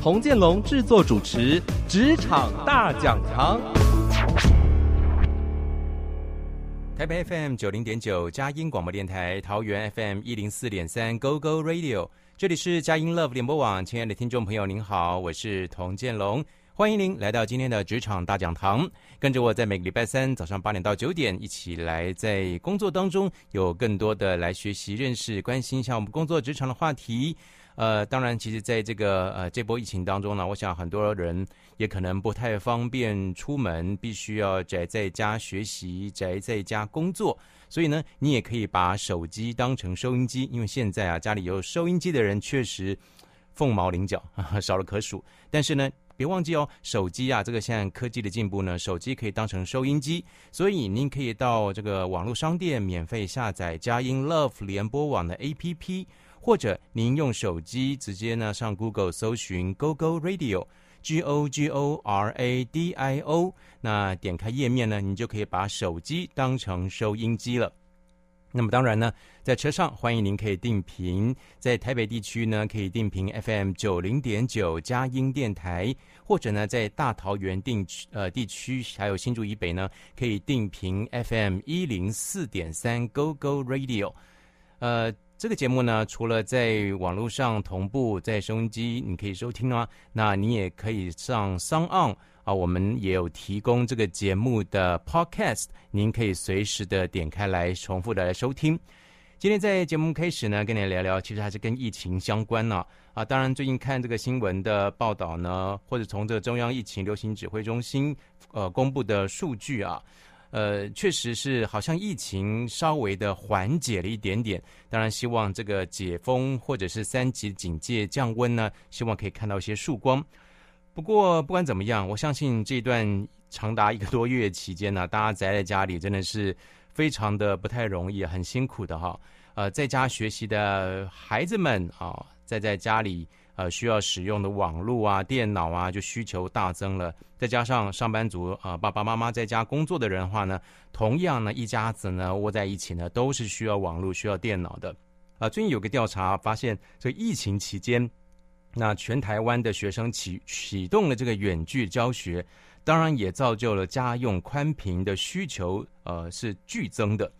童建龍製作主持《職場大講堂》，台北 FM 九零點九佳音廣播電台，桃園 FM 一零四點三 GoGo Radio，這裡是佳音 Love 聯播網。親愛的聽眾朋友，您好，我是童建龍，歡迎您來到今天的《職場大講堂》，跟着我在每個禮拜三早上八點到九點，一起來在工作當中有更多的來學習、認識、關心一下我們工作職場的話題。呃，當然，其實，在這個呃這波疫情當中呢，我想很多人也可能不太方便出門，必須要宅在家學習、宅在家工作，所以呢，你也可以把手機當成收音機，因為現在啊，家裡有收音機的人確實鳳毛麟角，呵呵，少了可數。但是呢，別忘記哦，手機啊，這個現在科技的進步呢，手機可以當成收音機，所以您可以到這個網絡商店免費下載佳音 Love 聯播網的 APP。或者您用手機直接呢上 Google 搜尋 Gogo Go Radio G O G O R A D I O。那點開頁面呢，您就可以把手機當成收音機了。那麼當然呢，在車上歡迎您可以定頻，在台北地區呢可以定頻 FM 九零點九佳音電台，或者呢在大桃園定呃地區還有新竹以北呢可以定頻 FM 一零四點三 Gogo Radio，呃。這個節目呢，除了在網絡上同步，在收音機你可以收聽啊，那你也可以上 Sound On 啊，我們也有提供這個節目的 podcast，您可以隨時的點開來重複的來收聽。今天在節目開始呢，跟您聊聊，其實還是跟疫情相關呢啊，啊，當然最近看這個新聞的報道呢，或者從這個中央疫情流行指揮中心呃公布的數據啊。呃，確實是，好像疫情稍微的緩解了一點點。當然，希望這個解封或者是三級警戒降溫呢，希望可以看到一些曙光。不過，不管怎麼樣，我相信這一段長達一個多月期間呢、啊，大家宅在家裡真的是非常的不太容易，很辛苦的哈、啊。呃，在家學習的孩子們啊，在在家裡。呃，需要使用的網絡啊、電腦啊，就需求大增了。再加上上班族啊、爸爸媽媽在家工作的人的話呢，同樣呢，一家子呢窩在一起呢，都是需要網絡、需要電腦的。啊，最近有個調查發現，這個疫情期間，那全台灣的學生啟啟動了這個遠距教學，當然也造就了家用寬頻的需求，呃，是劇增的。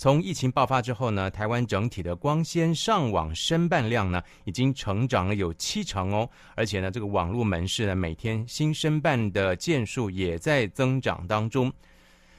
從疫情爆發之後呢，台灣整體的光纖上網申辦量呢，已經成長了有七成哦。而且呢，這個網路門市呢，每天新申辦的件數也在增長當中。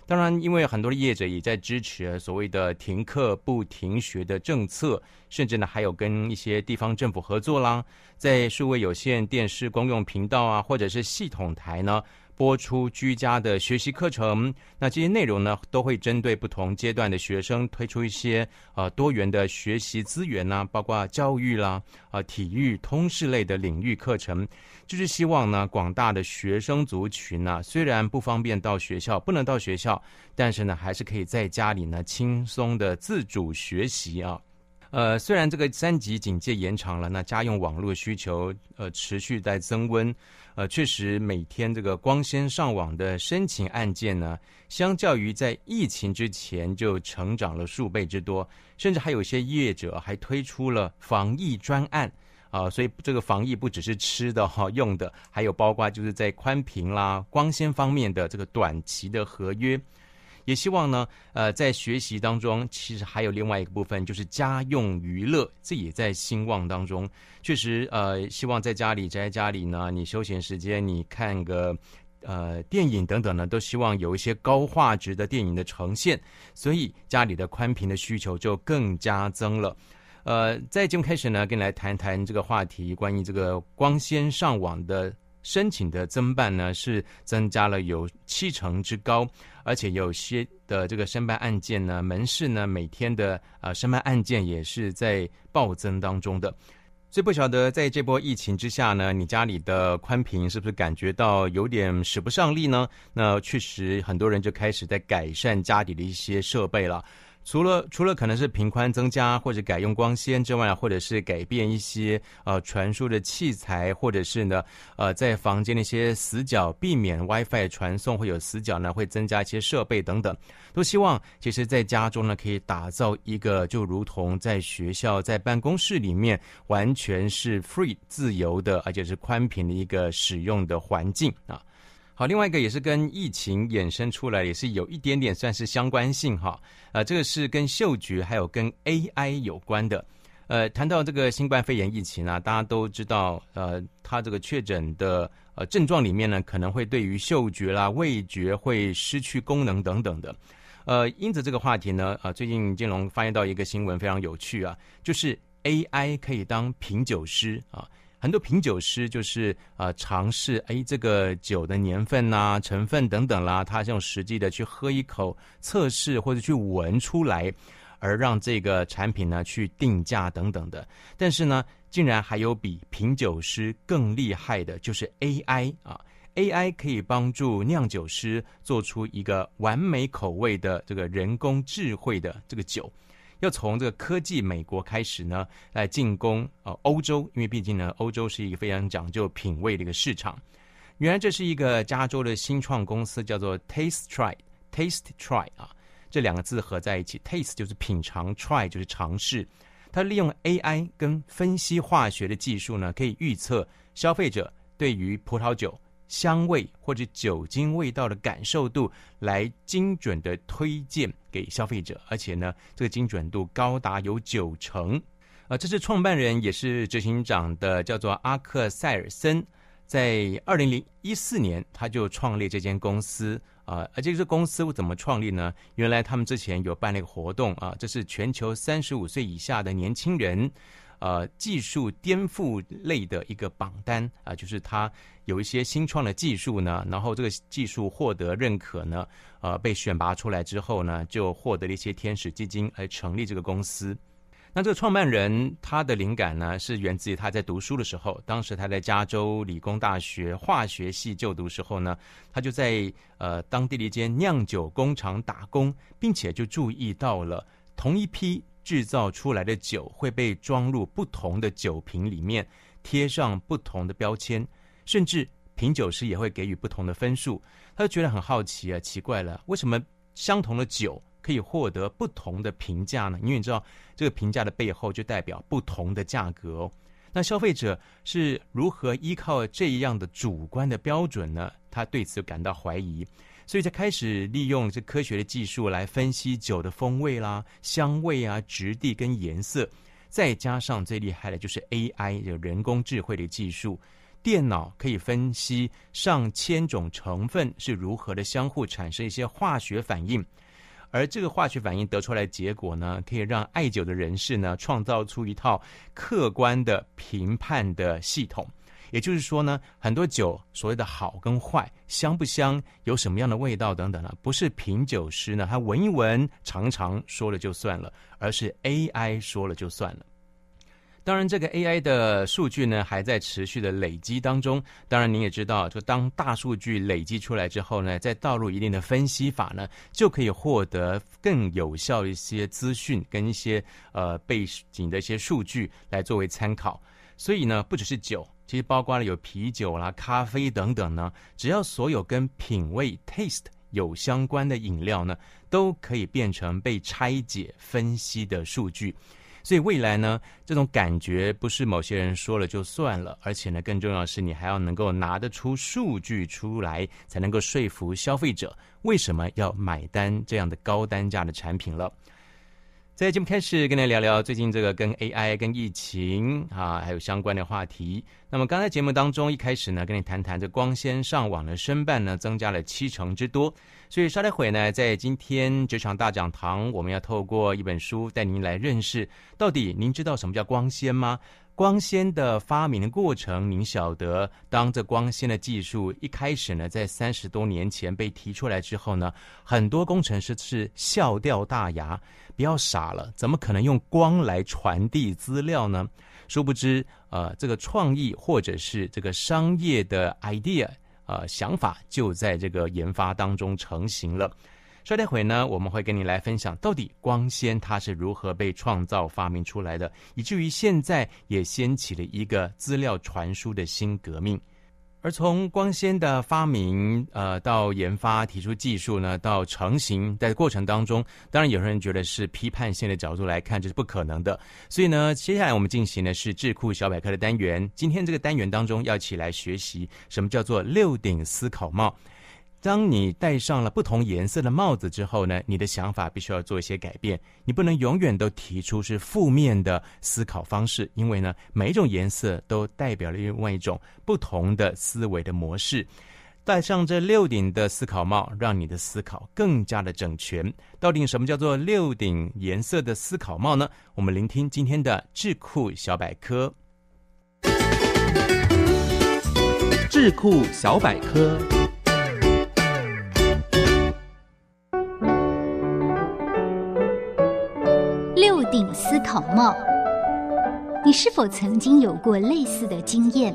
當然，因為很多的業者也在支持所謂的停課不停學的政策，甚至呢，還有跟一些地方政府合作啦，在數位有線電視公用頻道啊，或者是系統臺呢。播出居家的學習課程，那這些內容呢，都會針對不同階段的學生推出一些呃多元的學習資源吶、啊，包括教育啦、啊、啊、呃、體育通識類的領域課程，就是希望呢廣大的學生族群呢、啊，雖然不方便到學校，不能到學校，但是呢還是可以在家裡呢輕鬆的自主學習啊。呃，雖然這個三級警戒延長了，那家用網絡需求呃持續在增溫，呃，確實每天這個光纖上網的申請案件呢，相較於在疫情之前就成長了數倍之多，甚至還有一些業者還推出了防疫專案啊，呃，所以這個防疫不只是吃的哈、哦，用的，還有包括就是在寬頻啦、光纖方面的這個短期的合約。也希望呢，呃，在學習當中，其實還有另外一個部分，就是家用娛樂，這也在興旺當中。確實，呃，希望在家裡，宅在家裡呢，你休閒時間，你看個呃電影等等呢，都希望有一些高畫質的電影的呈現，所以家裡的寬頻的需求就更加增了。呃，在節目開始呢，跟你來談談這個話題，關於這個光纖上網的。申請的增辦呢，是增加了有七成之高，而且有些的這個申辦案件呢，門市呢每天的呃申辦案件也是在暴增當中的，所以不曉得在這波疫情之下呢，你家裡的寬頻是不是感覺到有點使不上力呢？那確實很多人就開始在改善家裡的一些設備了。除了除了可能是頻寬增加或者改用光纖之外啊，或者是改變一些呃傳輸的器材，或者是呢呃在房間的一些死角避免，WiFi 傳送會有死角呢，會增加一些設備等等，都希望其實，在家中呢可以打造一個就如同在學校、在辦公室裡面完全是 free 自由的，而且是寬頻的一個使用的環境啊。好，另外一個也是跟疫情衍生出來，也是有一點點算是相關性哈。呃，這個是跟嗅覺還有跟 AI 有關的。呃，談到這個新冠肺炎疫情啊，大家都知道，呃，它這個確診的呃症狀裡面呢，可能會對於嗅覺啦、味覺會失去功能等等的。呃，因此這個話題呢，啊，最近金龍發現到一個新聞非常有趣啊，就是 AI 可以當品酒師啊。很多品酒師就是啊，嘗試哎這個酒的年份吶、啊、成分等等啦，他用實際的去喝一口測試或者去聞出來，而讓這個產品呢去定價等等的。但是呢，竟然還有比品酒師更厲害的，就是 AI 啊，AI 可以幫助釀酒師做出一個完美口味的這個人工智慧的這個酒。要從這個科技美國開始呢來進攻呃歐洲，因為畢竟呢歐洲是一個非常講究品味的一個市場。原來這是一個加州的新創公司，叫做 Taste Try, Taste Try，Taste Try 啊，這兩個字合在一起，Taste 就是品嘗，Try 就是嘗試。它利用 AI 跟分析化學的技術呢，可以預測消費者對於葡萄酒。香味或者酒精味道的感受度來精準地推薦給消費者，而且呢，這個精準度高達有九成。啊、呃，這是創辦人也是執行長的，叫做阿克塞爾森。在二零零一四年，他就創立這間公司。啊、呃，而這個公司怎麼創立呢？原來他們之前有辦那個活動啊、呃，這是全球三十五歲以下的年輕人。呃，技術顛覆類的一個榜單啊，就是他有一些新創的技術呢，然後這個技術獲得認可呢，呃，被選拔出來之後呢，就獲得了一些天使基金來成立這個公司。那這個創辦人他的靈感呢，是源自於他在讀書的時候，當時他在加州理工大學化學系就讀時候呢，他就在呃當地的一間釀酒工廠打工，並且就注意到了同一批。製造出來的酒會被裝入不同的酒瓶裡面，貼上不同的標籤，甚至品酒師也會給予不同的分數。他就覺得很好奇啊，奇怪了，為什麼相同的酒可以獲得不同的評價呢？因為你知道，這個評價的背後就代表不同的價格哦。那消費者是如何依靠這樣的主觀的標準呢？他對此感到懷疑。所以，才開始利用這科學的技術來分析酒的風味啦、啊、香味啊、質地跟顏色，再加上最厲害的就是 AI，有人工智慧的技術，電腦可以分析上千種成分是如何的相互產生一些化學反應，而這個化學反應得出來的結果呢，可以讓愛酒的人士呢創造出一套客觀的評判的系統。也就是說呢，很多酒所謂的好跟壞、香不香、有什麼樣的味道等等呢，不是品酒師呢，他聞一聞、嘗一嘗，說了就算了，而是 AI 說了就算了。當然，這個 AI 的數據呢，還在持續的累積當中。當然，您也知道，就當大數據累積出來之後呢，再倒入一定的分析法呢，就可以獲得更有效一些資訊跟一些呃背景的一些數據來作為參考。所以呢，不只是酒。其實包括了有啤酒啦、咖啡等等呢，只要所有跟品味 taste 有相關的飲料呢，都可以變成被拆解分析的數據。所以未來呢，這種感覺不是某些人說了就算了，而且呢，更重要的是你還要能夠拿得出數據出來，才能夠說服消費者為什麼要買單這樣的高單價的產品了。在節目開始，跟您聊聊最近這個跟 AI、跟疫情啊，還有相關的話題。那麼剛才節目當中一開始呢，跟你談談這光纖上網的申辦呢，增加了七成之多。所以稍待會呢，在今天職場大講堂，我們要透過一本書帶您來認識，到底您知道什麼叫光纖嗎？光纖的發明的過程，您曉得，當這光纖的技術一開始呢，在三十多年前被提出來之後呢，很多工程師是笑掉大牙，不要傻了，怎麼可能用光來傳遞資料呢？殊不知，呃，這個創意或者是這個商業的 idea，呃，想法就在這個研發當中成型了。稍待會呢，我們會跟你來分享到底光纖它是如何被創造發明出來的，以至於現在也掀起了一個資料傳輸的新革命。而從光纖的發明，呃，到研發、提出技術呢，到成型，在過程當中，當然，有些人覺得是批判性的角度來看，這是不可能的。所以呢，接下來我們進行的是智庫小百科的單元。今天這個單元當中要起來學習什麼叫做六頂思考帽。當你戴上了不同顏色的帽子之後呢，你的想法必須要做一些改變。你不能永遠都提出是負面的思考方式，因為呢，每一種顏色都代表了另外一種不同的思維的模式。戴上這六頂的思考帽，讓你的思考更加的整全。到底什麼叫做六頂顏色的思考帽呢？我們聆聽今天的智庫小百科。智庫小百科。思考帽，你是否曾經有過類似的經驗？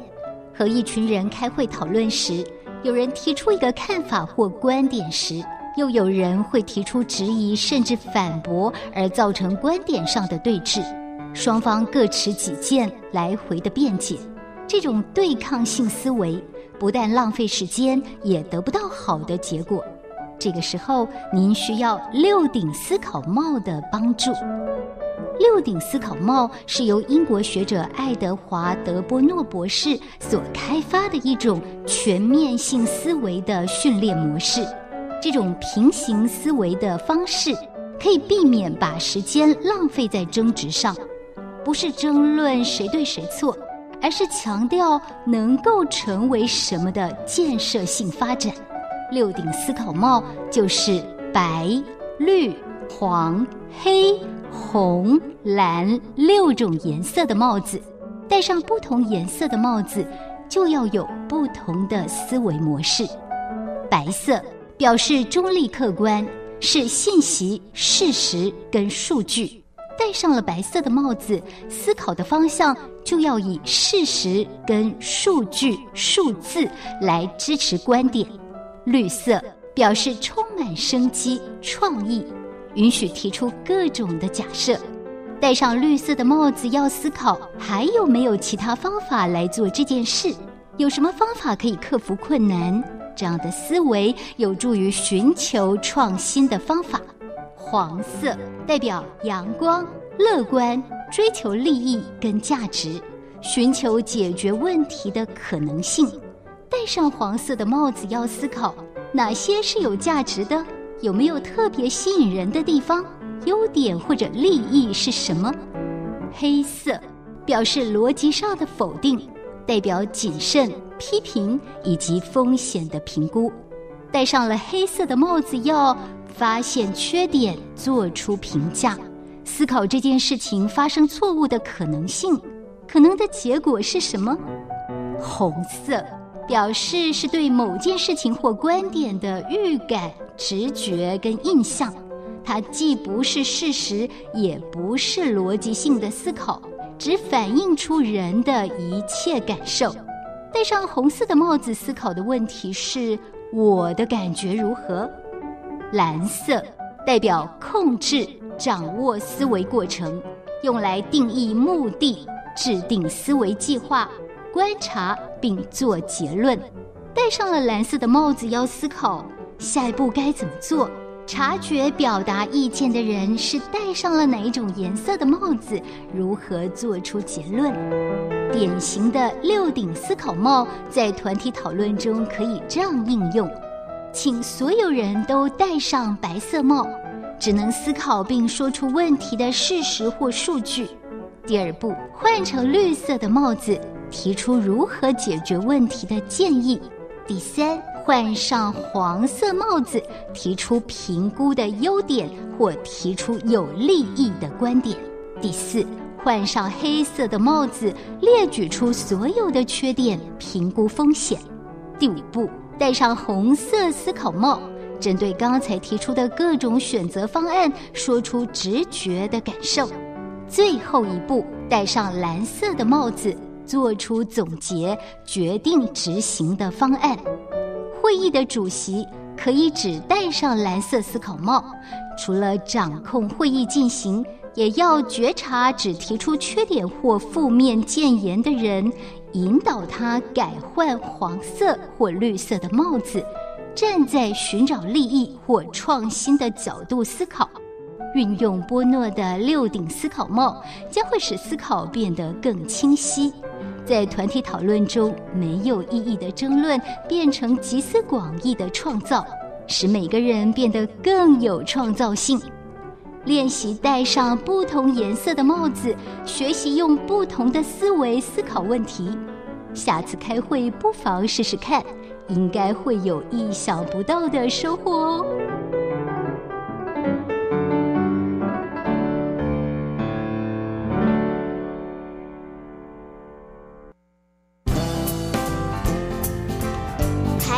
和一群人開會討論時，有人提出一個看法或觀點時，又有人會提出質疑甚至反駁，而造成觀點上的對峙，雙方各持己見，來回的辯解。這種對抗性思維不但浪費時間，也得不到好的結果。這個時候，您需要六頂思考帽的幫助。六頂思考帽是由英國學者愛德華·德波諾博士所開發的一種全面性思維的訓練模式。這種平行思維的方式可以避免把時間浪費在爭執上，不是爭論誰對誰錯，而是強調能夠成為什麼的建設性發展。六頂思考帽就是白、綠、黃、黑。紅、藍六種顏色的帽子，戴上不同顏色的帽子，就要有不同的思維模式。白色表示中立客觀，是信息、事實跟數據。戴上了白色的帽子，思考的方向就要以事實跟數據、數字來支持觀點。綠色表示充滿生機、創意。允許提出各種的假設，戴上綠色的帽子要思考，還有沒有其他方法來做這件事？有什麼方法可以克服困難？這樣的思維有助於尋求創新的方法。黃色代表陽光、樂觀、追求利益跟價值，尋求解決問題的可能性。戴上黃色的帽子要思考，哪些是有價值的？有沒有特別吸引人的地方？優點或者利益是什麼？黑色表示邏輯上的否定，代表謹慎、批評以及風險的評估。戴上了黑色的帽子，要發現缺點，做出評價，思考這件事情發生錯誤的可能性，可能的結果是什麼？紅色。表示是對某件事情或觀點的預感、直覺跟印象，它既不是事實，也不是邏輯性的思考，只反映出人的一切感受。戴上紅色的帽子思考的問題是：我的感覺如何？藍色代表控制、掌握思維過程，用來定義目的、制定思維計劃。觀察並做結論，戴上了藍色的帽子要思考下一步該怎麼做。察覺表達意見的人是戴上了哪一種顏色的帽子？如何做出結論？典型的六頂思考帽在團體討論中可以這樣應用：請所有人都戴上白色帽，只能思考並說出問題的事實或數據。第二步，換成綠色的帽子。提出如何解決問題的建議。第三，換上黃色帽子，提出評估的優點或提出有利益的觀點。第四，換上黑色的帽子，列舉出所有的缺點，評估風險。第五步，戴上紅色思考帽，針對剛才提出的各種選擇方案，說出直覺的感受。最後一步，戴上藍色的帽子。做出總結、決定、執行的方案。會議的主席可以只戴上藍色思考帽，除了掌控會議進行，也要覺察只提出缺點或負面建言的人，引導他改換黃色或綠色的帽子，站在尋找利益或創新的角度思考。運用波諾的六頂思考帽，將會使思考變得更清晰，在團體討論中，沒有意義的爭論變成集思廣益的創造，使每個人變得更有創造性。練習戴上不同顏色的帽子，學習用不同的思維思考問題。下次開會不妨試試看，應該會有意想不到的收穫哦。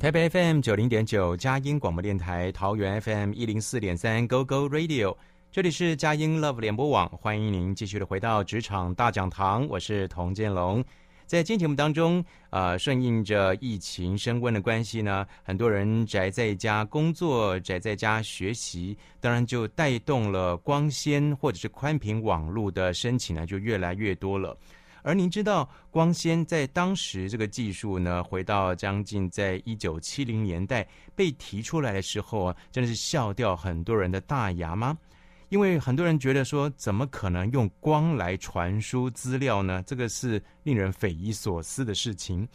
台北 FM 九零點九，佳音廣播電臺，桃園 FM 一零四點三 Go Go Radio，這裡是佳音 Love 聯播網，歡迎您繼續的回到職場大講堂，我是童建龍。在今天節目當中，呃，順應着疫情升溫的關係呢，很多人宅在家工作、宅在家學習，當然就帶動了光纖或者是寬頻網絡的申請呢，就越來越多了。而您知道光纖在當時這個技術呢，回到將近在一九七零年代被提出來的時候啊，真的是笑掉很多人的大牙嗎？因為很多人覺得說，怎麼可能用光來傳輸資料呢？這個是令人匪夷所思的事情。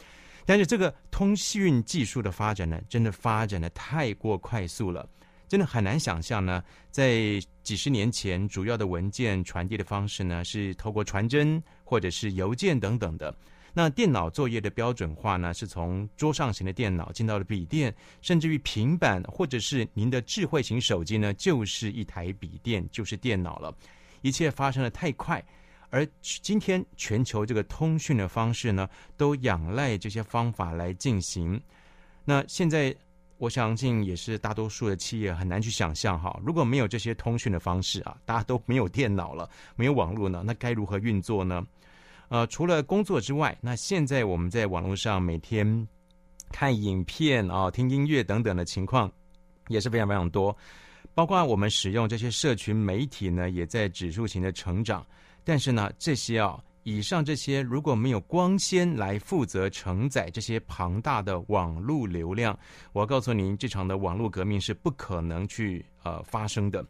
但是這個通訊技術的發展呢，真的發展得太過快速了。真的很難想象呢，在幾十年前，主要的文件傳遞的方式呢是透過傳真或者是郵件等等的。那電腦作業的標準化呢，是從桌上型的電腦進到了筆電，甚至於平板或者是您的智慧型手機呢，就是一台筆電，就是電腦了。一切發生得太快，而今天全球這個通訊的方式呢，都仰賴這些方法來進行。那現在。我相信也是大多數的企業很難去想象哈，如果沒有這些通訊的方式啊，大家都沒有電腦了，沒有網絡呢，那該如何運作呢？呃，除了工作之外，那現在我們在網絡上每天看影片啊、聽音樂等等的情況也是非常非常多，包括我們使用這些社群媒體呢，也在指數型的成長。但是呢，這些啊。以上這些如果沒有光纖來負責承載這些龐大的網絡流量，我要告訴您，這場的網絡革命是不可能去呃發生的。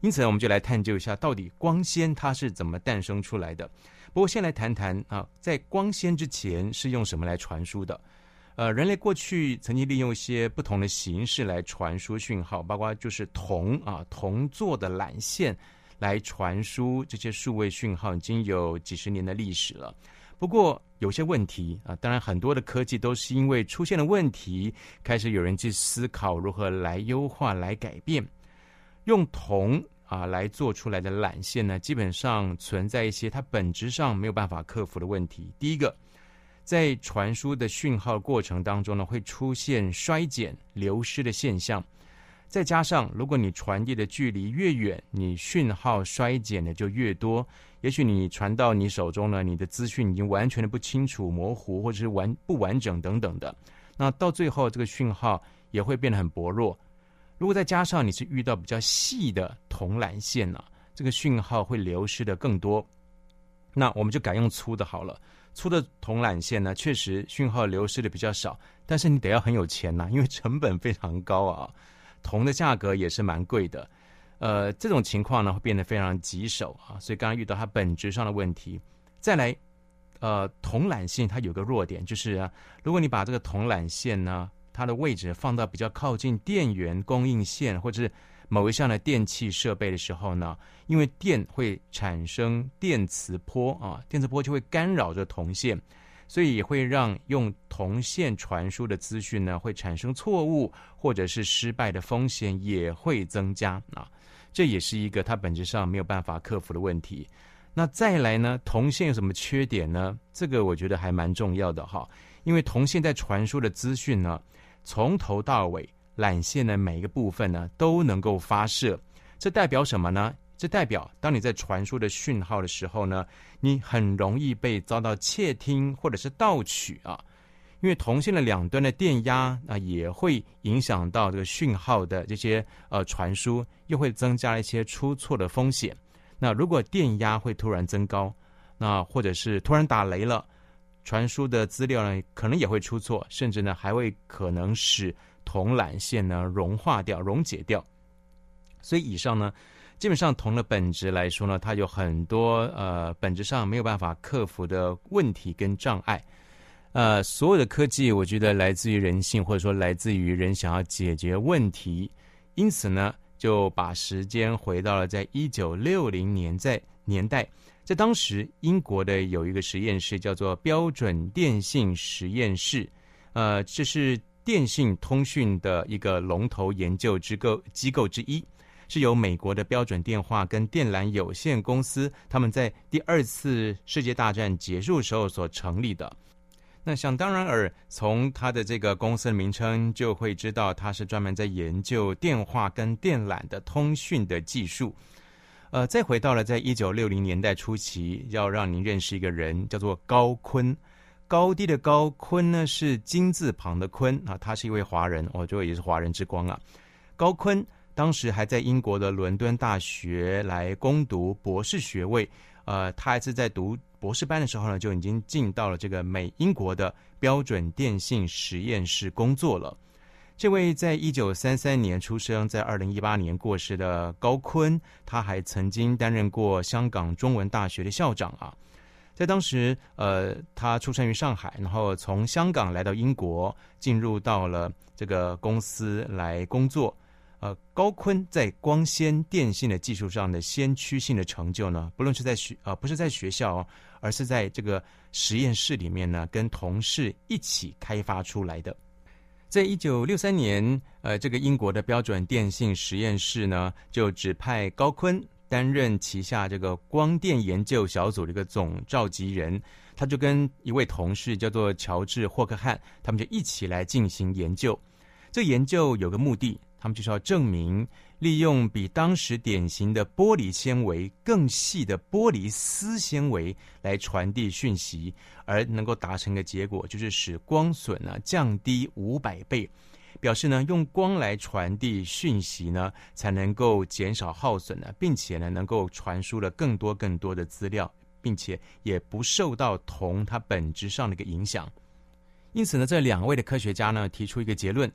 因此，我們就來探究一下，到底光纖它是怎麼誕生出來的。不過，先來談談啊，在光纖之前是用什麼來傳輸的？呃，人類過去曾經利用一些不同的形式來傳輸訊號，包括就是銅啊，銅做的纜線。來傳輸這些數位訊號已經有幾十年的歷史了，不過有些問題啊，當然很多的科技都是因為出現了問題，開始有人去思考如何來優化、來改變。用銅啊來做出來的纜線呢，基本上存在一些它本質上沒有辦法克服的問題。第一個，在傳輸的訊號過程當中呢，會出現衰減、流失的現象。再加上，如果你傳遞的距離越遠，你訊號衰減的就越多。也許你傳到你手中呢，你的資訊已經完全的不清楚、模糊，或者是完不完整等等的。那到最後，這個訊號也會變得很薄弱。如果再加上你是遇到比較細的銅纜線呢，這個訊號會流失的更多。那我們就改用粗的好了。粗的銅纜線呢，確實訊號流失的比較少，但是你得要很有錢吶啊，因為成本非常高啊。銅的價格也是蠻貴的，呃，這種情況呢，會變得非常棘手啊，所以剛剛遇到它本質上的問題。再來，呃，銅纜線它有個弱點，就是啊，如果你把這個銅纜線呢，它的位置放到比較靠近電源供應線或者是某一項的電器設備的時候呢，因為電會產生電磁波啊，電磁波就會干擾着銅線。所以也會讓用銅線傳輸的資訊呢，會產生錯誤或者是失敗的風險也會增加啊，這也是一個它本質上沒有辦法克服的問題。那再來呢，銅線有什麼缺點呢？這個我覺得還蠻重要的哈，因為銅線在傳輸的資訊呢，從頭到尾纜線的每一個部分呢，都能夠發射，這代表什麼呢？這代表，當你在傳輸的訊號的時候呢，你很容易被遭到竊聽或者是盜取啊。因為銅線的兩端的電壓啊，也會影響到這個訊號的這些呃傳輸，又會增加一些出錯的風險。那如果電壓會突然增高，那或者是突然打雷了，傳輸的資料呢，可能也會出錯，甚至呢，還會可能使銅纜線呢融化掉、溶解掉。所以，以上呢。基本上，從本質來說呢，它有很多呃，本質上沒有辦法克服的問題跟障礙。呃，所有的科技，我覺得來自於人性，或者說來自於人想要解決問題。因此呢，就把時間回到了在一九六零年代年代，在當時英國的有一個實驗室叫做標準電信實驗室，呃，這是電信通訊的一個龍頭研究機構機構之一。是由美國的標準電話跟電纜有限公司，他們在第二次世界大戰結束時候所成立的。那想當然耳，從他的這個公司的名稱就會知道，他是專門在研究電話跟電纜的通訊的技術。呃，再回到了在一九六零年代初期，要讓您認識一個人，叫做高錕。高低的高錕呢，是金字旁的錕啊，他是一位華人，我覺得也是華人之光啊，高錕。當時還在英國的倫敦大學來攻讀博士學位，呃，他還是在讀博士班的時候呢，就已經進到了這個美英國的標準電信實驗室工作了。這位在一九三三年出生，在二零一八年過世的高錕，他還曾經擔任過香港中文大學的校長啊。在當時，呃，他出生於上海，然後從香港來到英國，進入到了這個公司來工作。呃，高錕在光纖電信的技術上的先驅性的成就呢，不論是在學啊、呃，不是在學校、哦，而是在這個實驗室裡面呢，跟同事一起開發出來的。在一九六三年，呃，這個英國的標準電信實驗室呢，就指派高錕擔任旗下這個光電研究小組的一個總召集人。他就跟一位同事叫做喬治霍克漢，他們就一起來進行研究。這個、研究有個目的。他們就是要證明，利用比當時典型的玻璃纖維更細的玻璃絲纖維來傳遞訊息，而能夠達成的結果，就是使光損呢降低五百倍，表示呢用光來傳遞訊息呢，才能夠減少耗損呢，並且呢能夠傳輸了更多更多的資料，並且也不受到銅它本質上的一個影響。因此呢，這兩位的科學家呢提出一個結論。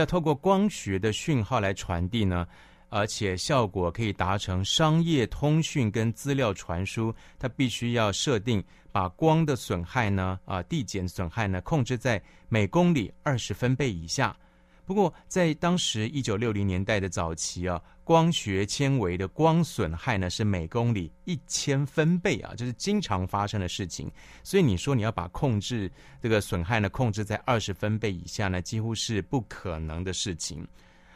要透過光學的訊號來傳遞呢，而且效果可以達成商業通訊跟資料傳輸，它必須要設定把光的損害呢，啊遞減損害呢控制，在每公里二十分貝以下。不過在當時一九六零年代的早期啊。光學纖維的光損害呢，是每公里一千分貝啊，這是經常發生的事情。所以你說你要把控制這個損害呢控制在二十分貝以下呢，幾乎是不可能的事情。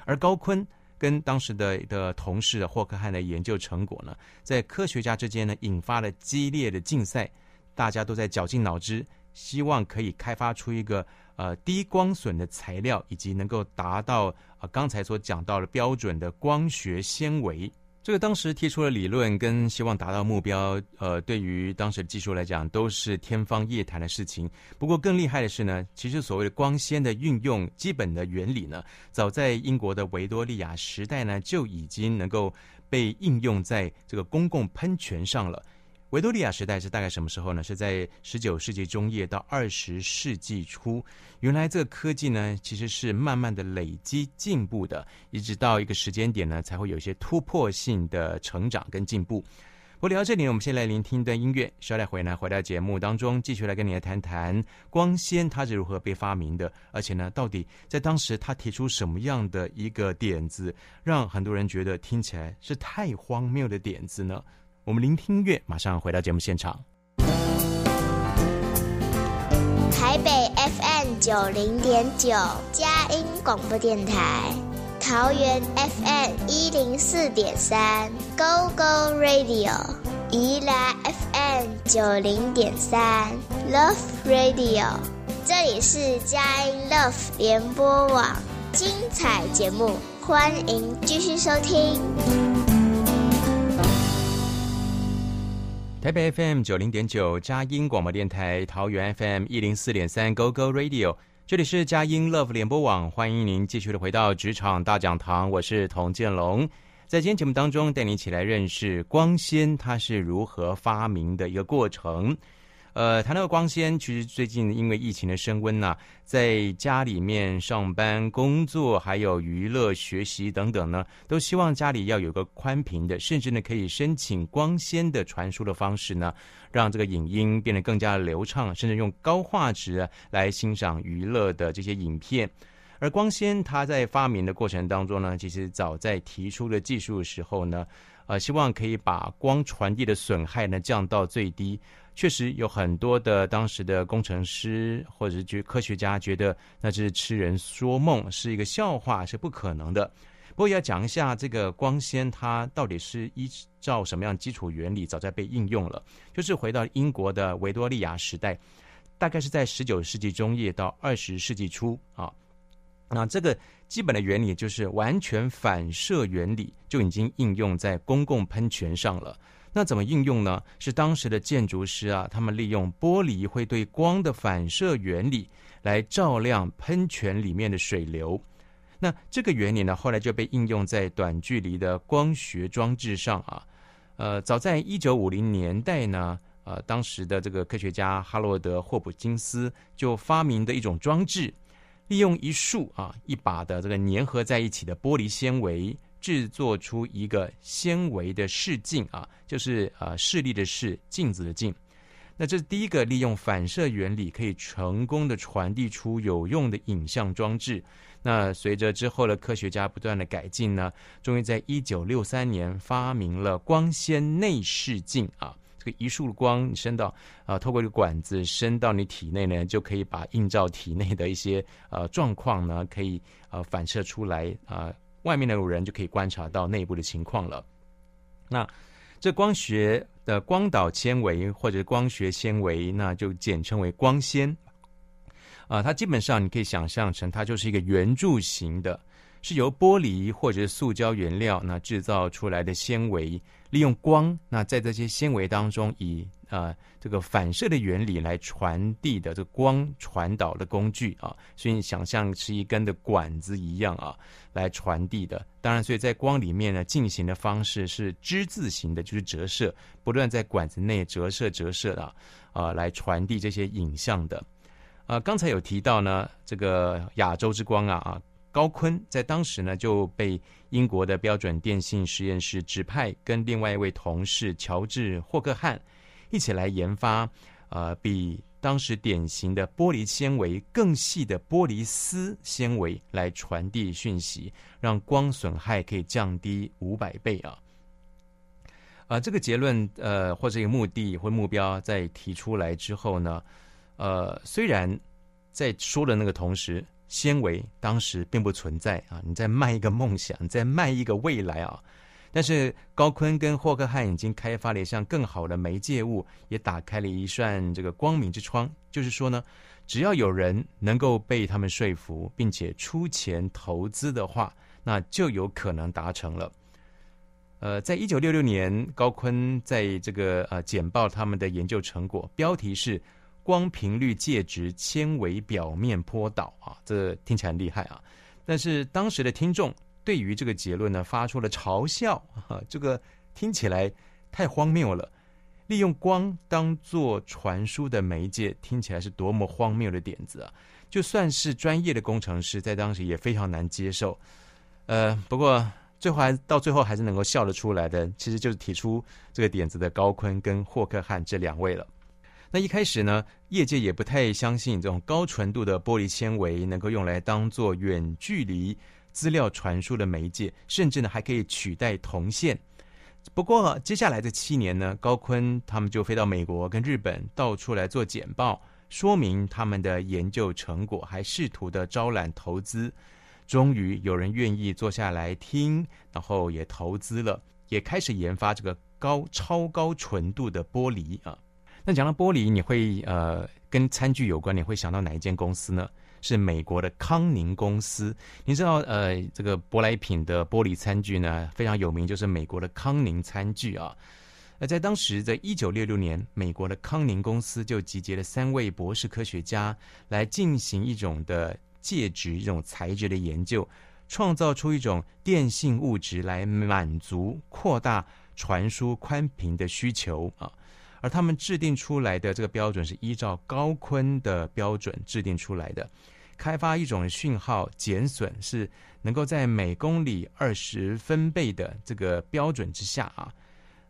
而高锟跟當時的的同事霍克漢的研究成果呢，在科學家之間呢引發了激烈的競賽，大家都在絞盡腦汁。希望可以開發出一個呃低光損的材料，以及能夠達到呃剛才所講到的標準的光學纖維。這個當時提出的理論跟希望達到目標，呃，對於當時的技術來講都是天方夜譚的事情。不過更厲害的是呢，其實所謂的光纖的運用基本的原理呢，早在英國的維多利亞時代呢就已經能夠被應用在這個公共噴泉上了。維多利亞時代是大概什麼時候呢？是在十九世紀中葉到二十世紀初。原來這個科技呢，其實是慢慢的累積進步的，一直到一個時間點呢，才會有一些突破性的成長跟進步。不過聊到這裡呢，我們先來聆聽一段音樂，稍待回來，回到節目當中，繼續來跟你來談談光纖它是如何被發明的，而且呢，到底在當時他提出什麼樣的一個點子，讓很多人覺得聽起來是太荒謬的點子呢？我們聆聽音樂，馬上回到節目現場。台北 FM 九零點九，佳音廣播電台；桃園 FM 一零四點三，Go Go Radio；宜蘭 FM 九零點三，Love Radio。這裡是佳音 Love 聯播網，精彩節目，歡迎繼續收聽。台北 FM 九零點九，佳音廣播電台，桃園 FM 一零四點三 GoGo Radio，這裡是佳音 Love 聯播網，歡迎您繼續的回到職場大講堂，我是童建龍，在今天節目當中，帶您一起來認識光纖，它是如何發明的一個過程。呃，談那個光纖，其實最近因為疫情的升溫呢，啊，在家裡面上班、工作，還有娛樂、學習等等呢，都希望家裡要有個寬頻的，甚至呢可以申請光纖的傳輸的方式呢，讓這個影音變得更加流暢，甚至用高畫質來欣賞娛樂的這些影片。而光纖它在發明的過程當中呢，其實早在提出的技術的時候呢，呃，希望可以把光傳遞的損害呢降到最低。確實有很多的當時的工程師或者是覺，科學家覺得那是痴人說夢，是一個笑話，是不可能的。不過要講一下這個光纖，它到底是依照什麼樣的基礎原理，早在被應用了。就是回到英國的維多利亞時代，大概是在十九世紀中葉到二十世紀初啊。那這個基本的原理就是完全反射原理，就已經應用在公共噴泉上了。那怎麼應用呢？是當時的建築師啊，他們利用玻璃會對光的反射原理來照亮噴泉裡面的水流。那這個原理呢，後來就被應用在短距離的光學裝置上啊。呃，早在一九五零年代呢，呃，當時的這個科學家哈羅德·霍普金斯就發明的一種裝置，利用一束啊，一把的這個粘合在一起的玻璃纖維。製作出一個纖維的視鏡啊，就是呃、啊、視力的視，鏡子的鏡。那這是第一個利用反射原理可以成功的傳遞出有用的影像裝置。那隨着之後的科學家不斷的改進呢，終於在一九六三年發明了光纖內視鏡啊。這個一束光你伸到啊，透過一個管子伸到你體內呢，就可以把映照體內的一些呃、啊、狀況呢，可以呃、啊、反射出來啊。外面的有人就可以觀察到內部的情況了。那這光學的光導纖維或者光學纖維，那就簡稱為光纖。啊、呃，它基本上你可以想象成它就是一個圓柱形的，是由玻璃或者塑膠原料那製造出來的纖維。利用光，那在這些纖維當中以，以、呃、啊這個反射的原理來傳遞的這個、光傳導的工具啊，所以你想象是一根的管子一樣啊來傳遞的。當然，所以在光裡面呢進行的方式是之字形的，就是折射，不斷在管子內折射折射的啊啊、呃、來傳遞這些影像的。啊、呃，剛才有提到呢，這個亞洲之光啊。啊高錕在當時呢就被英國的標準電信實驗室指派，跟另外一位同事喬治霍克漢一起來研發，呃，比當時典型的玻璃纖維更細的玻璃絲纖維來傳遞訊息，讓光損害可以降低五百倍啊！啊，這個結論呃或者一個目的或目標在提出來之後呢，呃，雖然在說的那個同時。纖維當時並不存在啊，你在賣一個夢想，你在賣一個未來啊。但是高錕跟霍克漢已經開發了一項更好的媒介物，也打開了一扇這個光明之窗。就是說呢，只要有人能夠被他們說服，並且出錢投資的話，那就有可能達成了。呃，在一九六六年，高錕在這個呃、啊、簡報他們的研究成果，標題是。光頻率介質纖維表面波導啊，這聽起來很厲害啊！但是當時的聽眾對於這個結論呢，發出了嘲笑哈、啊，這個聽起來太荒謬了。利用光當做傳輸的媒介，聽起來是多麼荒謬的點子啊！就算是專業的工程師在當時也非常難接受。呃，不過最後還到最後還是能夠笑得出來的，其實就是提出這個點子的高錕跟霍克漢這兩位了。那一開始呢，業界也不太相信這種高純度的玻璃纖維能夠用來當做遠距離資料傳輸的媒介，甚至呢還可以取代銅線。不過，啊，接下來這七年呢，高錕他們就飛到美國跟日本到處來做簡報，說明他們的研究成果，還試圖的招攬投資。終於有人願意坐下來聽，然後也投資了，也開始研發這個高超高純度的玻璃啊。講到玻璃，你會呃跟餐具有關，你會想到哪一間公司呢？是美國的康寧公司。你知道呃，這個舶來品的玻璃餐具呢非常有名，就是美國的康寧餐具啊。那在當時，在一九六六年，美國的康寧公司就集結了三位博士科學家來進行一種的介質、一種材質的研究，創造出一種電性物質來滿足擴大傳輸寬頻的需求啊。而他們制定出來的這個標準是依照高錕的標準制定出來的。開發一種訊號減損是能夠在每公里二十分貝的這個標準之下啊，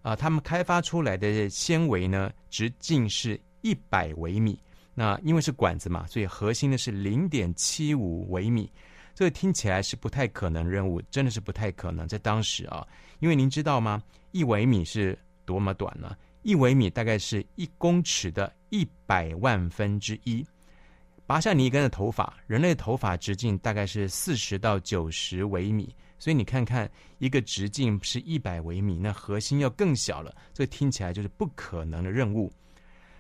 啊，他們開發出來的纖維呢，直徑是一百微米。那因為是管子嘛，所以核心的是零點七五微米。這個聽起來是不太可能任務，真的是不太可能，在當時啊，因為您知道嗎？一微米是多麼短呢？一微米大概是一公尺的一百萬分之一。拔下你一根的頭髮，人類頭髮直徑大概是四十到九十微米，所以你看看，一個直徑是一百微米，那核心要更小了，這聽起來就是不可能的任務。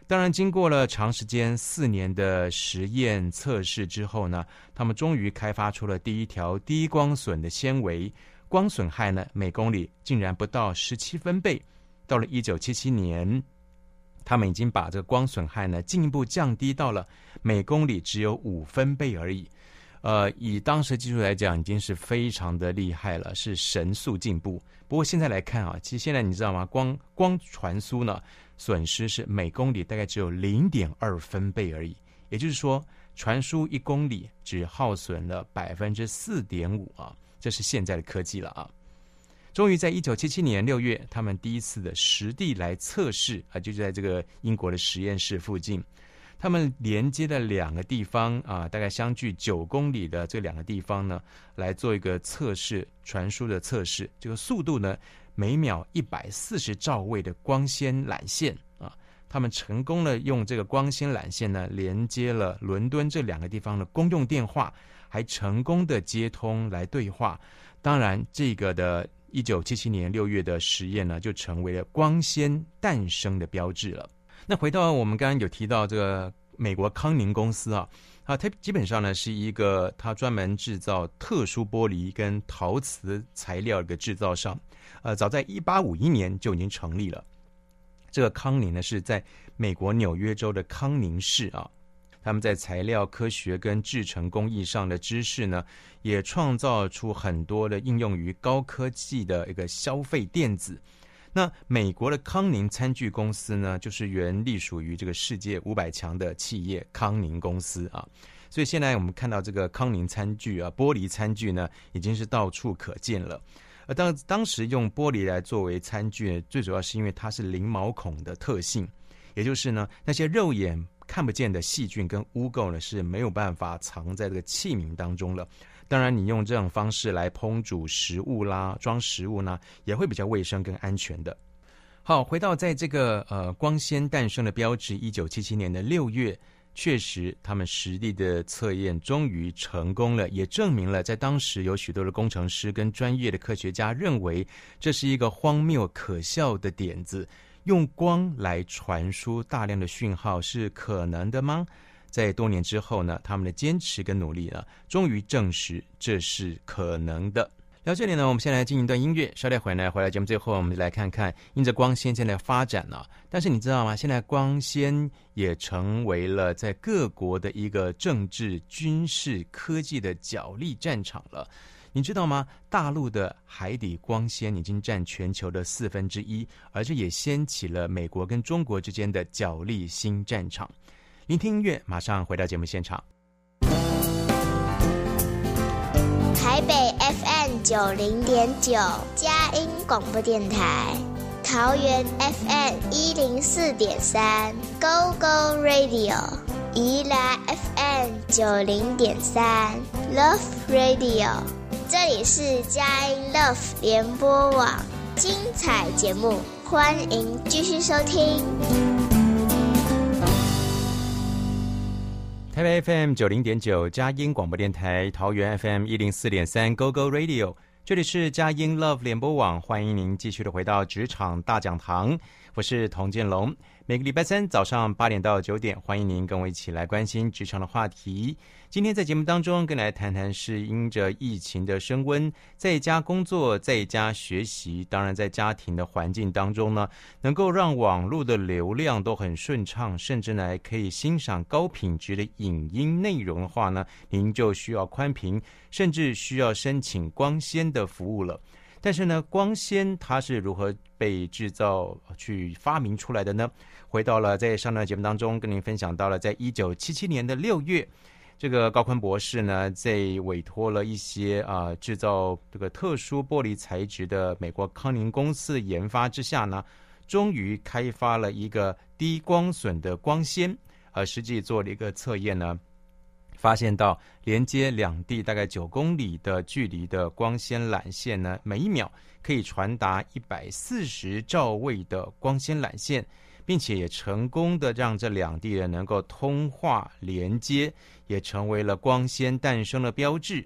當然，經過了長時間四年的實驗測試之後呢，他們終於開發出了第一條低光損的纖維，光損害呢，每公里竟然不到十七分貝。到了一九七七年，他們已經把這個光損害呢進一步降低到了每公里只有五分貝而已。呃，以當時的技術來講，已經是非常的厲害了，是神速進步。不過現在來看啊，其實現在你知道嗎？光光傳輸呢損失是每公里大概只有零點二分貝而已，也就是說傳輸一公里只耗損了百分之四點五啊，這是現在的科技了啊。終於在一九七七年六月，他們第一次的實地來測試啊，就在這個英國的實驗室附近，他們連接的兩個地方啊，大概相距九公里的這兩個地方呢，來做一個測試，傳輸的測試。這個速度呢，每秒一百四十兆位的光纖纜線啊，他們成功的用這個光纖纜線呢，連接了倫敦這兩個地方的公用電話，還成功的接通來對話。當然，這個的。一九七七年六月的實驗呢，就成為了光纖誕生的標誌了。那回到我們剛剛有提到這個美國康寧公司啊，啊，它基本上呢是一個它專門製造特殊玻璃跟陶瓷材料的製造商。呃，早在一八五一年就已經成立了。這個康寧呢是在美國紐約州的康寧市啊。他們在材料科學跟製程工藝上的知識呢，也創造出很多的應用於高科技的一個消費電子。那美國的康寧餐具公司呢，就是原隸屬於這個世界五百強的企業康寧公司啊。所以現在我們看到這個康寧餐具啊，玻璃餐具呢，已經是到處可見了。而當當時用玻璃來作為餐具，最主要是因為它是零毛孔的特性，也就是呢，那些肉眼。看不見的細菌跟污垢呢是沒有辦法藏在這個器皿當中了。當然，你用這種方式來烹煮食物啦，裝食物呢也會比較衛生跟安全的。好，回到在這個呃光纖誕生的標誌，一九七七年的六月，確實他們實地的測驗終於成功了，也證明了在當時有許多的工程師跟專業的科學家認為這是一個荒謬可笑的點子。用光來傳輸大量的訊號是可能的嗎？在多年之後呢，他們的堅持跟努力呢，終於證實這是可能的。到這裡呢，我們先來進一段音樂，稍待回來。回來節目最後，我們就來看看，因着光纖現在發展了，啊，但是你知道嗎？現在光纖也成為了在各國的一個政治、軍事、科技的角力戰場了。你知道嗎？大陸的海底光纖已經佔全球的四分之一，而這也掀起了美國跟中國之間的角力新戰場。聆聽音樂，馬上回到節目現場。台北 FM 九零點九，佳音廣播電台；桃園 FM 一零四點三，Go Go Radio；宜蘭 FM 九零點三，Love Radio。這裡是佳音 Love 聯播網精彩節目，歡迎繼續收聽。台北 FM 九零點九佳音廣播電台，桃園 FM 一零四點三 GoGo Radio，這裡是佳音 Love 聯播網，歡迎您繼續的回到職場大講堂。我是童建龍，每個禮拜三早上八點到九點，歡迎您跟我一起來關心職場的話題。今天在節目當中跟來談談，是因着疫情的升溫，在家工作、在家學習，當然在家庭的環境當中呢，能夠讓網絡的流量都很順暢，甚至來可以欣賞高品質的影音內容的話呢，您就需要寬頻，甚至需要申請光纖的服務了。但是呢，光纖它是如何被製造、去發明出來的呢？回到了在上段節目當中跟您分享到了，在1977年的6月，這個高錕博士呢，在委托了一些啊製造這個特殊玻璃材質的美國康寧公司研發之下呢，終於開發了一個低光損的光纖，而實際做了一個測驗呢。發現到連接兩地大概九公里的距離的光纖纜線呢，每一秒可以傳達一百四十兆位的光纖纜線，並且也成功的讓這兩地人能夠通話連接，也成為了光纖誕生的標誌。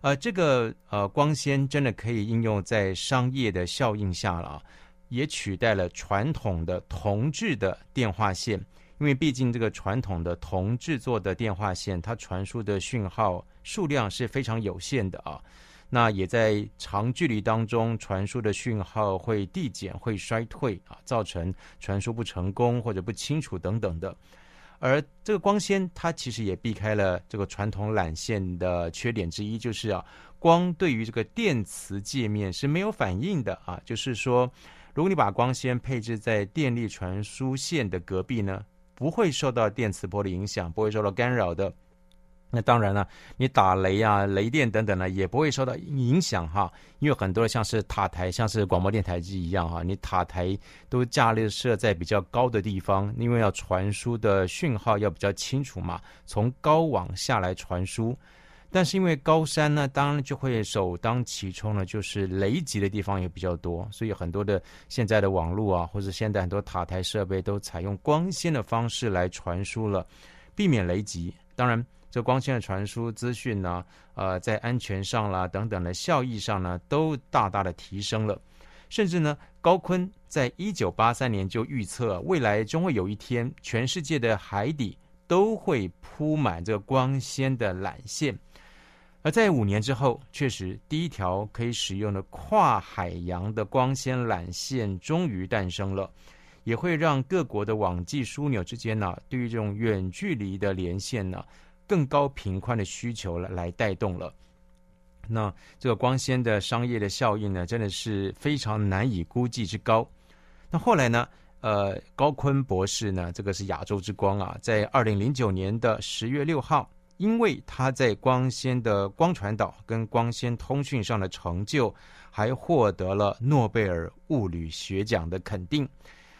呃，這個呃光纖真的可以應用在商業的效應下了，啊，也取代了傳統的銅製的電話線。因為畢竟這個傳統的銅製作的電話線，它傳輸的訊號數量是非常有限的啊。那也在長距離當中傳輸的訊號會遞減、會衰退啊，造成傳輸不成功或者不清楚等等的。而這個光纖，它其實也避開了這個傳統纜線的缺點之一，就是啊，光對於這個電磁界面是沒有反應的啊。就是說，如果你把光纖配置在電力傳輸線的隔壁呢，不會受到電磁波的影響，不會受到干擾的。那當然了，你打雷啊、雷電等等呢，也不會受到影響哈。因為很多像是塔台、像是廣播電台機一樣哈，你塔台都架設在比較高的地方，因為要傳輸的訊號要比較清楚嘛，從高往下來傳輸。但是因為高山呢，當然就會首當其衝呢，就是雷擊的地方也比較多，所以很多的現在的網路啊，或者是現在很多塔台設備都採用光纖的方式來傳輸了，避免雷擊。當然，這光纖的傳輸資訊呢，呃，在安全上啦等等的效益上呢，都大大的提升了。甚至呢，高錕在一九八三年就預測，未來終會有一天，全世界的海底都會鋪滿這個光纖的纜線。而在五年之後，確實，第一條可以使用的跨海洋的光纖纜線終於誕生了，也會讓各國的網際樞紐之間呢，啊，對於這種遠距離的連線呢，更高頻寬的需求了，來帶動了。那這個光纖的商業的效應呢，真的是非常難以估計之高。那後來呢，呃，高錕博士呢，這個是亞洲之光啊，在二零零九年的十月六號，因為他在光纖的光傳導跟光纖通訊上的成就，還獲得了諾貝爾物理學獎的肯定。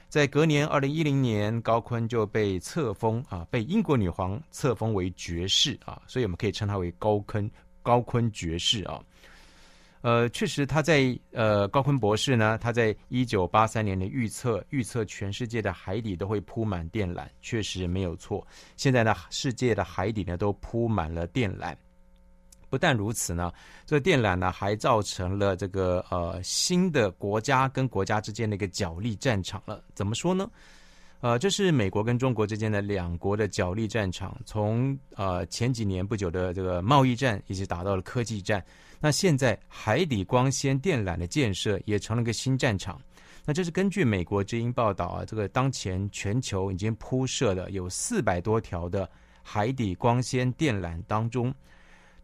在隔年二零一零年，高錕就被冊封啊，被英國女皇冊封為爵士啊，所以我們可以稱他為高錕，高錕爵士啊。呃，確實，他在呃高錕博士呢，他在一九八三年的預測，預測全世界的海底都會鋪滿電纜，確實沒有錯。現在呢，世界的海底呢都鋪滿了電纜。不但如此呢，這電纜呢還造成了這個呃新的國家跟國家之間的一個角力戰場了。怎麼說呢？呃，這是美國跟中國之間的兩國的角力戰場。從呃前幾年不久的這個貿易戰，一直打到了科技戰。那現在海底光纖電纜的建設也成了個新戰場。那這是根據美國之音報道啊，這個當前全球已經鋪設了有四百多條的海底光纖電纜當中，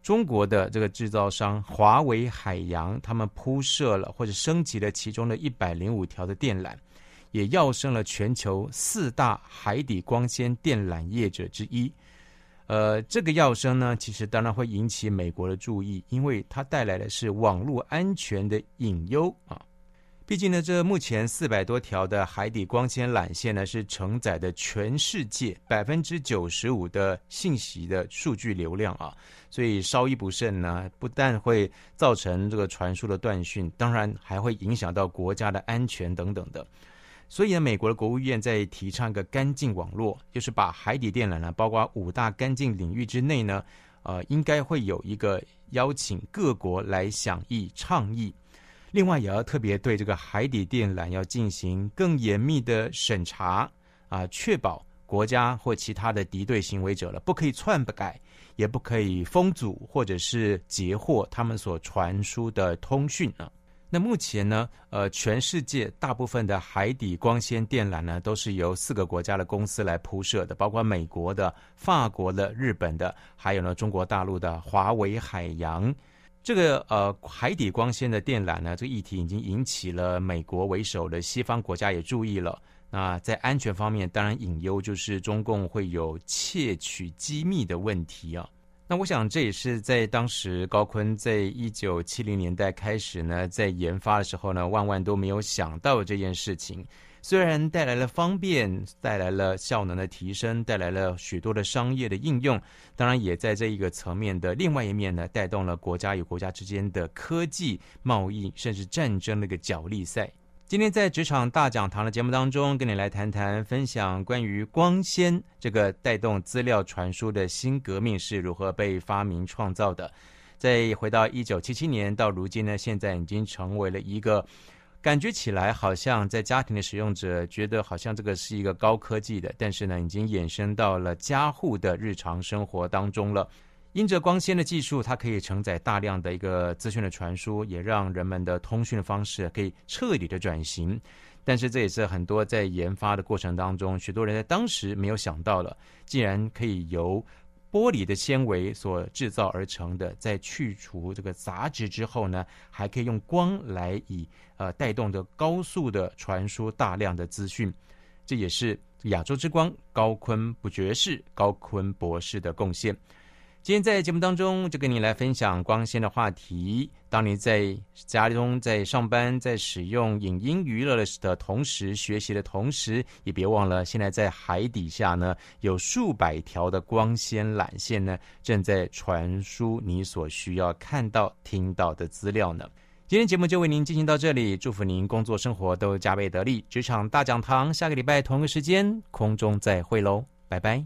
中國的這個製造商華為海洋，他們鋪設了或者升級了其中的一百零五條的電纜。也躍升了全球四大海底光纖電纜業者之一。呃，這個躍升呢，其實當然會引起美國的注意，因為它帶來的是網絡安全的隱憂啊。畢竟呢，這目前四百多條的海底光纖纜線呢，是承載的全世界百分之九十五的信息的數據流量啊。所以稍一不慎呢，不但會造成這個傳輸的斷訊，當然還會影響到國家的安全等等的。所以呢，美國的國務院在提倡一個乾淨網絡，就是把海底電纜呢，包括五大乾淨領域之內呢，呃，應該會有一個邀請各國來響應倡議。另外，也要特別對這個海底電纜要進行更嚴密的審查啊，呃，確保國家或其他的敵對行為者了，不可以篡改，也不可以封堵或者是截獲他們所傳輸的通訊呢。那目前呢，呃，全世界大部分的海底光纖電纜呢，都是由四個國家的公司來鋪設的，包括美國的、法國的、日本的，還有呢中國大陸的華為海洋。這個呃海底光纖的電纜呢，這個議題已經引起了美國為首的西方國家也注意了。那在安全方面，當然隱憂就是中共會有竊取機密的問題啊。那我想，這也是在當時高錕在一九七零年代開始呢，在研發的時候呢，萬萬都沒有想到這件事情。雖然帶來了方便，帶來了效能的提升，帶來了許多的商業的應用，當然也在這一個層面的另外一面呢，帶動了國家與國家之間的科技貿易，甚至戰爭那個角力賽。今天在職場大講堂的節目當中，跟你來談談分享關於光纖這個帶動資料傳輸的新革命是如何被發明創造的。再回到一九七七年到如今呢，現在已經成為了一個感覺起來好像在家庭的使用者覺得好像這個是一個高科技的，但是呢，已經衍生到了家戶的日常生活當中了。因着光纖的技術，它可以承載大量的一個資訊的傳輸，也讓人們的通訊的方式可以徹底的轉型。但是，這也是很多在研發的過程當中，許多人在當時沒有想到的，竟然可以由玻璃的纖維所製造而成的，在去除這個雜質之後呢，還可以用光來以呃帶動的高速的傳輸大量的資訊。這也是亞洲之光高錕伯爵士高錕博士的貢獻。今天在節目當中，就跟你來分享光纖的話題。當你在家中、在上班、在使用影音娛樂的同時，學習的同時，也別忘了，現在在海底下呢，有數百條的光纖纜線呢，正在傳輸你所需要看到、聽到的資料呢。今天節目就為您進行到這裡，祝福您工作生活都加倍得力。職場大講堂，下個禮拜同個時間空中再會嘍，拜拜。